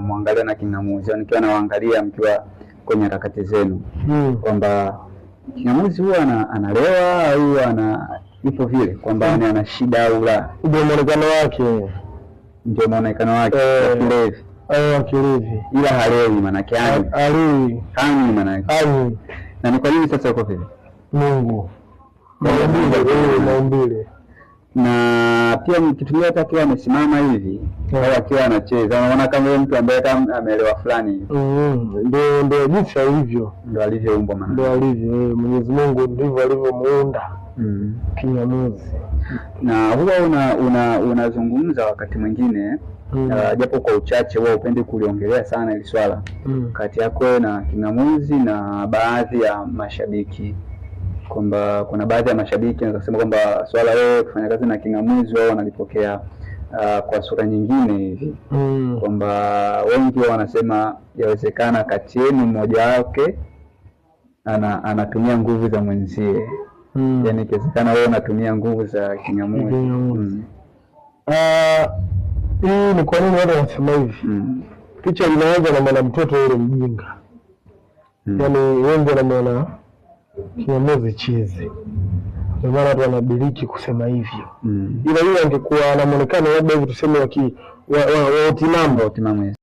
mwangalia na king'amuzi, nikiwa nawaangalia mkiwa kwenye harakati zenu hmm. kwamba king'amuzi huwa ana, analewa au ana ipo vile kwamba hmm. ana shida au la, ndio mwonekano wake, ndio mwonekano wake eh. kilevi eh, au kilevi, ila halewi, maanake halewi, hani maanake hani. Na ni kwa nini sasa uko vile? Mungu maumbile, maumbile na pia nikitumia hata akiwa amesimama hivi yeah. Mm. au akiwa anacheza, unaona kama yule mtu ambaye kama ameelewa fulani, mm, ndio ndio jinsi alivyo, ndio alivyoumbwa, maana ndio alivyo eh, Mwenyezi Mungu ndivyo alivyomuunda mm. kinyamuzi. Na huwa unazungumza una, unazungumza wakati mwingine Mm. Uh, japo kwa uchache huwa upendi kuliongelea sana hili swala mm. kati yako na king'amuzi na baadhi ya mashabiki kwamba kuna baadhi ya mashabiki wanasema kwamba swala wewe kufanya kazi na King'amuzi wao wanalipokea uh, kwa sura nyingine hivi mm. kwamba wengi wanasema yawezekana kati yenu mmoja wake ana, anatumia nguvu za mwenzie mm. yani ikiwezekana wewe unatumia nguvu za King'amuzi mm. uh, ni kwa nini watu wanasema hivi mm. picha inaanza na mwanamtoto yule mjinga mm. yani wengi wanamwona Kiongozi chizi, ndio maana watu wanabiliki kusema hivyo mm. Ila yule angekuwa na muonekano labda hivi tuseme wa wa, wa, wa, wa utimamu